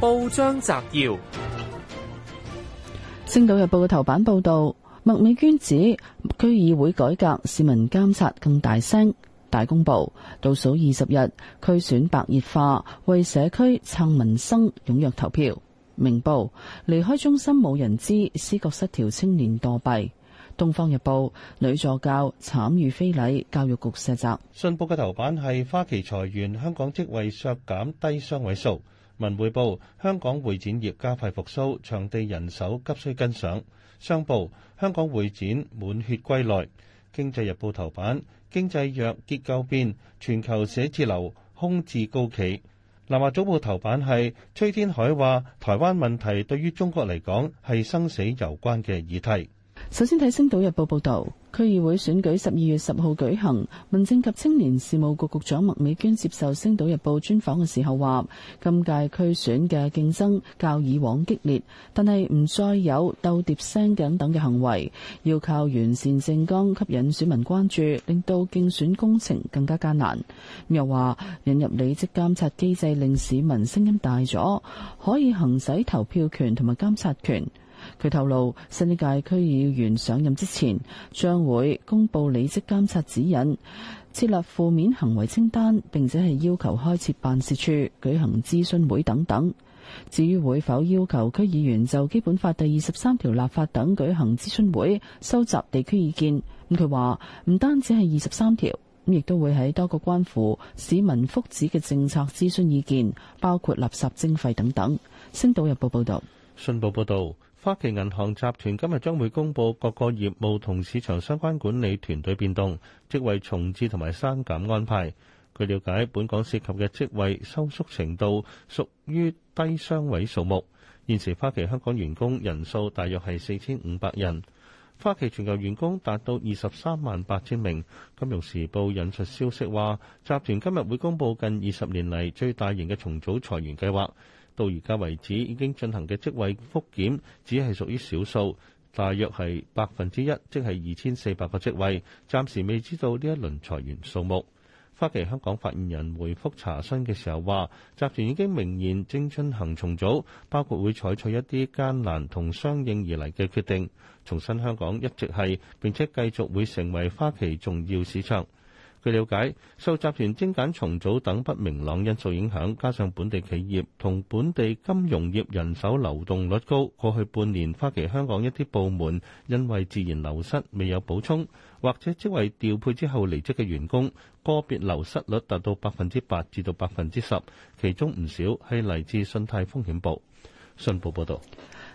報章摘要：《星島日報》嘅頭版報道，麥美娟指區議會改革，市民監察更大聲，大公報倒數二十日，區選白熱化，為社區撐民生，踴躍投票。《明報》離開中心冇人知，思覺失調青年墮斃。《東方日報》女助教慘遇非禮，教育局卸責。《信報》嘅頭版係花旗裁員，香港職位削減低雙位數。文匯報：香港會展業加快復甦，場地人手急需跟上。商報：香港會展滿血歸來。經濟日報頭版：經濟弱，結構變，全球寫字樓空置高企。南華早報頭版係崔天凱話：台灣問題對於中國嚟講係生死攸關嘅議題。首先睇《星島日報》報道，區議會選舉十二月十號舉行。民政及青年事務局局，局長麥美娟接受《星島日報》專訪嘅時候話，今屆區選嘅競爭較以往激烈，但係唔再有鬥碟聲等等嘅行為，要靠完善政綱吸引選民關注，令到競選工程更加艱難。又話引入履職監察機制，令市民聲音大咗，可以行使投票權同埋監察權。佢透露，新一屆區議員上任之前，將會公布履職監察指引，設立負面行為清單，並且係要求開設辦事處、舉行諮詢會等等。至於會否要求區議員就《基本法》第二十三條立法等舉行諮詢會、收集地區意見，咁佢話唔單止係二十三條，亦都會喺多個關乎市民福祉嘅政策諮詢意見，包括垃圾徵費等等。星島日報報道。信報報道。花旗銀行集團今日將會公佈各個業務同市場相關管理團隊變動，職位重置同埋刪減安排。據了解，本港涉及嘅職位收縮程度屬於低雙位數目。現時花旗香港員工人數大約係四千五百人，花旗全球員工達到二十三萬八千名。金融時報引述消息話，集團今日會公佈近二十年嚟最大型嘅重組裁員計劃。到而家為止，已經進行嘅職位復檢，只係屬於少數，大約係百分之一，即係二千四百個職位。暫時未知道呢一輪裁員數目。花旗香港發言人回覆查詢嘅時候話：集團已經明言正進行重組，包括會採取一啲艱難同相應而嚟嘅決定。重申香港一直係並且繼續會成為花旗重要市場。據了解，受集團精簡、重組等不明朗因素影響，加上本地企業同本地金融業人手流動率高，過去半年花旗香港一啲部門因為自然流失未有補充，或者職位調配之後離職嘅員工，個別流失率達到百分之八至到百分之十，其中唔少係嚟自信貸風險部。信報報導。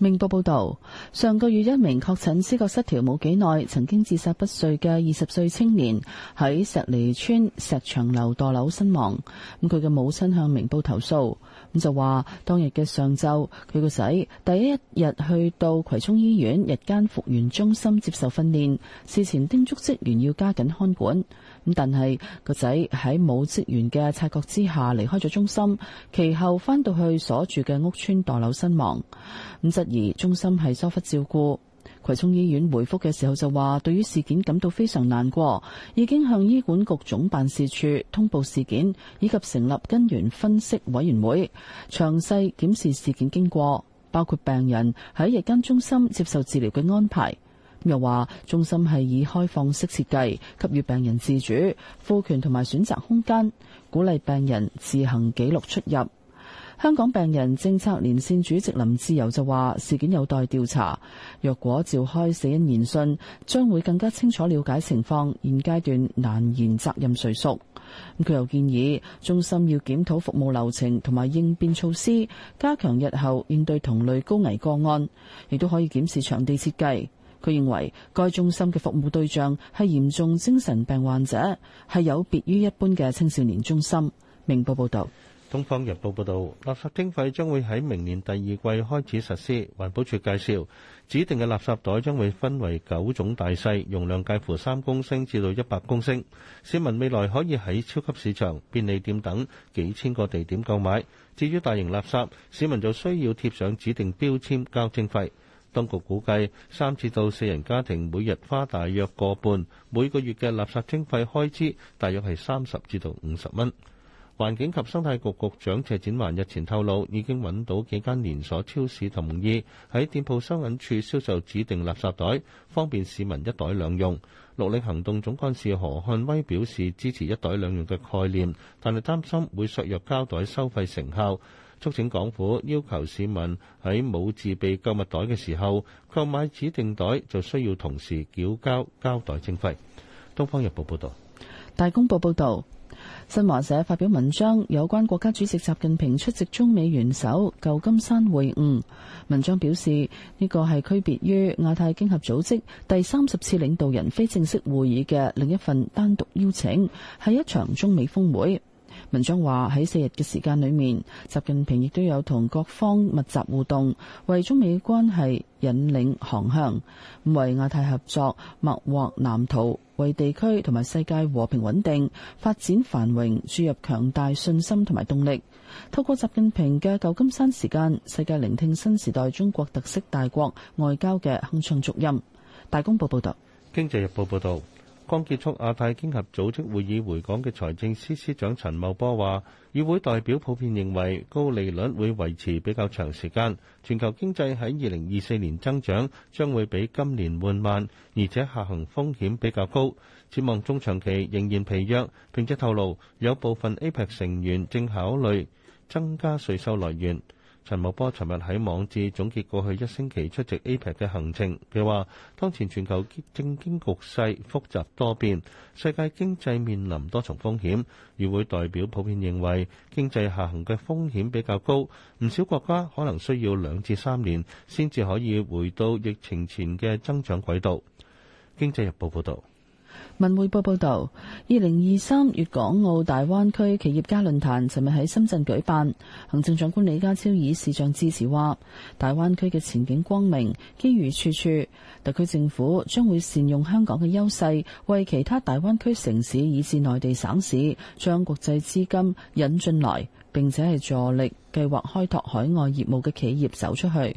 明報報道，上個月一名確診思覺失調冇幾耐，曾經自殺不遂嘅二十歲青年喺石梨村石牆樓墮樓身亡。咁佢嘅母親向明報投訴，咁就話當日嘅上晝，佢個仔第一日去到葵涌醫院日間復原中心接受訓練，事前叮囑職員要加緊看管。咁但係個仔喺冇職員嘅察覺之下離開咗中心，其後返到去所住嘅屋邨墮樓身亡。咁質疑中心係疏忽照顧。葵涌醫院回覆嘅時候就話，對於事件感到非常難過，已經向醫管局總辦事處通報事件，以及成立根源分析委員會，詳細檢視事件經過，包括病人喺日間中心接受治療嘅安排。又話中心係以開放式設計，給予病人自主、賦權同埋選擇空間，鼓勵病人自行記錄出入。香港病人政策連線主席林志友就話：事件有待調查，若果召開死因研訊，將會更加清楚了解情況。現階段難言責任誰屬。佢又建議中心要檢討服務流程同埋應變措施，加強日後應對同類高危個案，亦都可以檢視場地設計。佢認為該中心嘅服務對象係嚴重精神病患者，係有別於一般嘅青少年中心。明報報導。《東方日報》報導，垃圾徵費將會喺明年第二季開始實施。環保署介紹，指定嘅垃圾袋將會分為九種大細，容量介乎三公升至到一百公升。市民未來可以喺超級市場、便利店等幾千個地點購買。至於大型垃圾，市民就需要貼上指定標籤交徵費。當局估計，三至到四人家庭每日花大約個半，每個月嘅垃圾徵費開支大約係三十至到五十蚊。環境及生態局局長謝展寰日前透露，已經揾到幾間連鎖超市同意喺店鋪收銀處銷售指定垃圾袋，方便市民一袋兩用。綠領行動總幹事何漢威表示支持一袋兩用嘅概念，但係擔心會削弱膠袋收費成效，促請港府要求市民喺冇自備購物袋嘅時候購買指定袋，就需要同時繳交膠袋徵費。《東方日報》報道。《大公報》報導。新華社發表文章，有關國家主席習近平出席中美元首舊金山會晤。文章表示，呢個係區別於亞太經合組織第三十次領導人非正式會議嘅另一份單獨邀請，係一場中美峰會。文章話喺四日嘅時間裏面，習近平亦都有同各方密集互動，為中美關係引領航向，為亞太合作擘劃藍圖，為地區同埋世界和平穩定發展繁榮注入強大信心同埋動力。透過習近平嘅舊金山時間，世界聆聽新時代中國特色大國外交嘅鏗鏘足音。大公報報道。經濟日報報道。剛結束亞太經合組織會議回港嘅財政司司長陳茂波話：與會代表普遍認為高利率會維持比較長時間，全球經濟喺二零二四年增長將會比今年緩慢，而且下行風險比較高，展望中長期仍然疲弱。並且透露有部分 APEC 成員正考慮增加稅收來源。陳茂波尋日喺網誌總結過去一星期出席 APEC 嘅行程，佢話：當前全球政經局勢複雜多變，世界經濟面臨多重風險。與會代表普遍認為經濟下行嘅風險比較高，唔少國家可能需要兩至三年先至可以回到疫情前嘅增長軌道。經濟日報報導。文匯報報道，二零二三粵港澳大灣區企業家論壇尋日喺深圳舉辦。行政長官李家超以視像致辭，話大灣區嘅前景光明，機遇處處。特區政府將會善用香港嘅優勢，為其他大灣區城市以至內地省市，將國際資金引進來，並且係助力計劃開拓海外業務嘅企業走出去。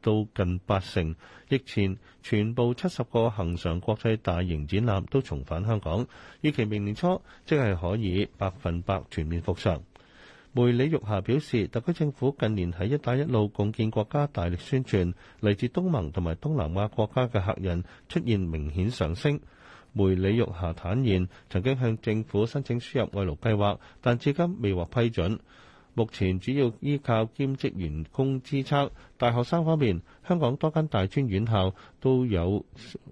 到近八成，疫前全部七十個恒常國際大型展覽都重返香港，預期明年初即係可以百分百全面復常。梅李玉霞表示，特區政府近年喺一帶一路共建國家大力宣傳，嚟自東盟同埋東南亞國家嘅客人出現明顯上升。梅李玉霞坦言，曾經向政府申請輸入外勞計劃，但至今未獲批准。目前主要依靠兼職員工支撐。大學生方面，香港多間大專院校都有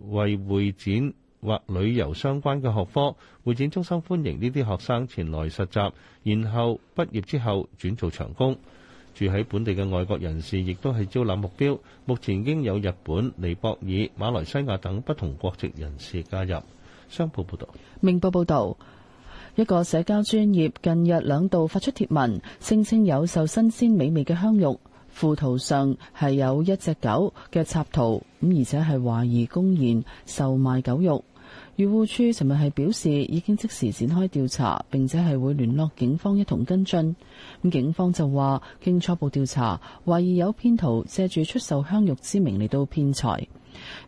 為會展或旅遊相關嘅學科，會展中心歡迎呢啲學生前來實習，然後畢業之後轉做長工。住喺本地嘅外國人士亦都係招攬目標，目前已經有日本、尼泊爾、馬來西亞等不同國籍人士加入。商報報道。明報報導。一個社交專業近日兩度發出帖文，聲稱有售新鮮美味嘅香肉，附圖上係有一隻狗嘅插圖，咁而且係懷疑公然售賣狗肉。漁護處尋日係表示，已經即時展開調查，並且係會聯絡警方一同跟進。咁警方就話，經初步調查，懷疑有騙徒借住出售香肉之名嚟到騙財。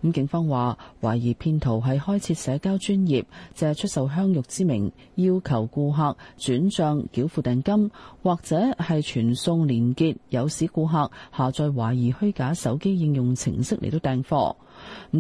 咁警方話，懷疑騙徒係開設社交專業，借出售香肉之名，要求顧客轉賬繳付訂金，或者係傳送連結，誘使顧客下載懷疑虛假手機應用程式嚟到訂貨。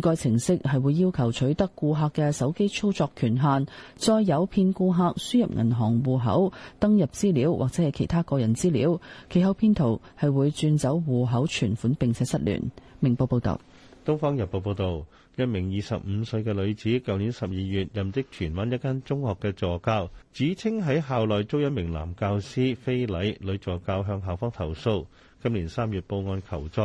該程式係會要求取得顧客嘅手機操作權限，再誘騙顧客輸入銀行戶口登入資料，或者係其他個人資料。其後騙徒係會轉走戶口存款，並且失聯。明報報道。《東方日報》報導，一名二十五歲嘅女子，舊年十二月任職荃灣一間中學嘅助教，指稱喺校內遭一名男教師非禮，女助教向校方投訴。今年三月報案求助，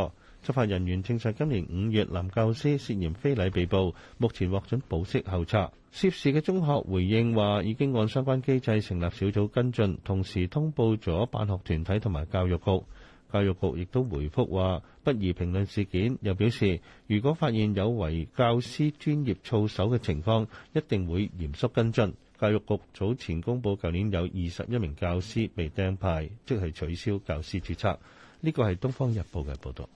執法人員證實今年五月，男教師涉嫌非禮被捕，目前獲准保釋候查。涉事嘅中學回應話，已經按相關機制成立小組跟進，同時通報咗辦學團體同埋教育局。教育局亦都回覆話，不宜評論事件，又表示如果發現有違教師專業操守嘅情況，一定會嚴肅跟進。教育局早前公佈，舊年有二十一名教師被釘牌，即係取消教師註冊。呢個係《東方日報》嘅報導。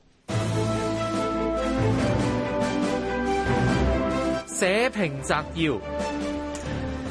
社評摘要。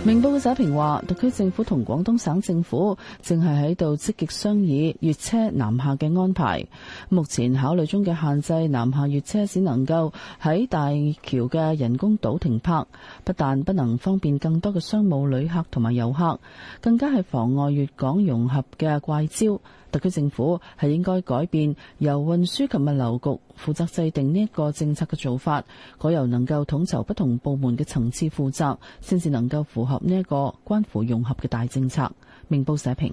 明報嘅社評話，特區政府同廣東省政府正係喺度積極商議粵車南下嘅安排。目前考慮中嘅限制，南下粵車只能夠喺大橋嘅人工島停泊，不但不能方便更多嘅商務旅客同埋遊客，更加係妨礙粵港融合嘅怪招。特區政府係應該改變由運輸及物流局負責制定呢一個政策嘅做法，改由能夠統籌不同部門嘅層次負責先至能夠符合。呢一個關乎融合嘅大政策，明報社評。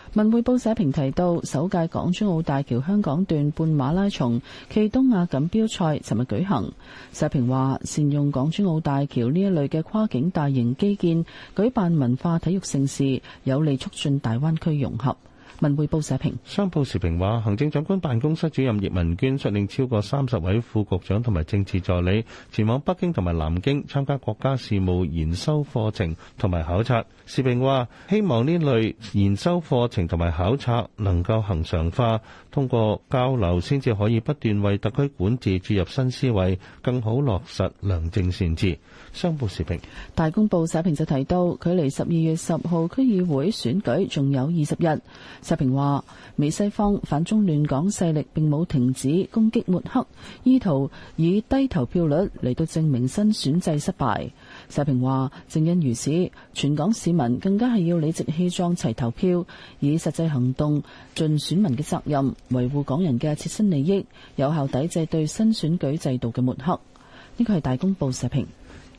文匯報社評提到，首屆港珠澳大橋香港段半馬拉松暨東亞錦標賽尋日舉行。社評話，善用港珠澳大橋呢一類嘅跨境大型基建，舉辦文化體育盛事，有利促進大灣區融合。文匯報社評。商報時評話，行政長官辦公室主任葉文娟率領超過三十位副局長同埋政治助理前往北京同埋南京參加國家事務研修課程同埋考察。社評話希望呢類研修課程同埋考察能夠恒常化，通過交流先至可以不斷為特區管治注入新思維，更好落實良政善治。商報社評。大公報社評就提到，距離十二月十號區議會選舉仲有二十日，社評話美西方反中亂港勢力並冇停止攻擊抹黑，意圖以低投票率嚟到證明新選制失敗。社評話：正因如此，全港市民更加係要理直氣壯齊投票，以實際行動盡選民嘅責任，維護港人嘅切身利益，有效抵制對新選舉制度嘅抹黑。呢個係大公報社評。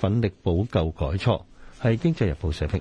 奮力補救改錯，係《經濟日報》社評。